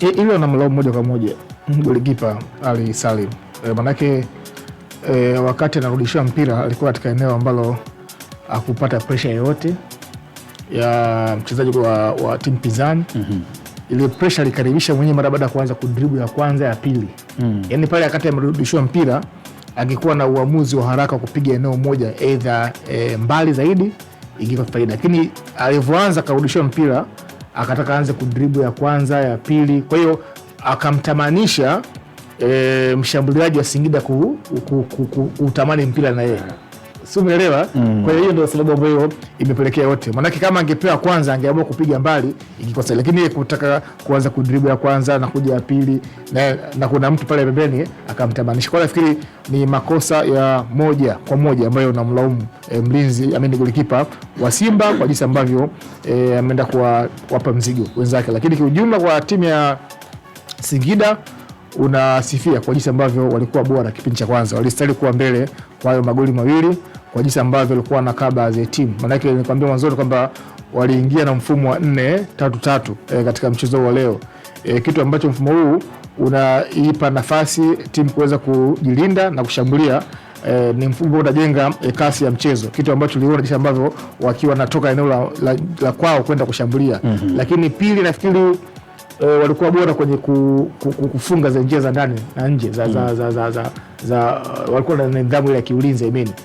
hilo mlao moja kwa moja golikipa Ali Salim e, manake e, wakati anarudishiwa mpira alikuwa katika eneo ambalo akupata presha yoyote ya mchezaji wa, wa timu pinzani mm -hmm. Ile presha alikaribisha mwenyewe mara baada ya kuanza kudribu ya kwanza ya pili mm Yani pale wakati amerudishiwa mpira angekuwa na uamuzi wa haraka wa kupiga eneo moja eidha e, eh, mbali zaidi ingekuwa faida, lakini alivyoanza akarudishiwa mpira akataka aanze kudribu ya kwanza ya pili, kwa hiyo akamtamanisha e, mshambuliaji wa Singida kuutamani ku, ku, ku, mpira na yeye si umeelewa? Mm. Kwa hiyo ndo sababu ambayo imepelekea yote, maanake kama angepewa kwanza angeamua kupiga mbali ikikosa, lakini kutaka kuanza kudribu ya kwanza na kuja ya pili na, na kuna mtu pale pembeni akamtamanisha. Kwa nafikiri ni makosa ya moja kwa moja ambayo namlaumu e, mlinzi amini golikipa wa Simba kwa jinsi ambavyo e, ameenda kuwapa mzigo wenzake, lakini kiujumla kwa timu ya Singida unasifia kwa jinsi ambavyo walikuwa bora kipindi cha kwanza, walistahili kuwa mbele kwa hayo magoli mawili kwa jinsi ambavyo walikuwa na kaba as a team. Maanake nilikwambia mwanzoni kwamba waliingia na mfumo wa nne tatu tatu e, katika mchezo wa leo e, kitu ambacho mfumo huu unaipa nafasi timu kuweza kujilinda na kushambulia. E, ni mfumo ambao unajenga e, kasi ya mchezo, kitu ambacho tuliona jinsi ambavyo wakiwa natoka eneo la, la, la kwao kwenda kushambulia mm -hmm. Lakini pili nafikiri e, walikuwa bora kwenye ku, ku, ku, kufunga za njia za ndani na nje za, mm. za, za, za, za, za walikuwa na nidhamu ile ya kiulinzi I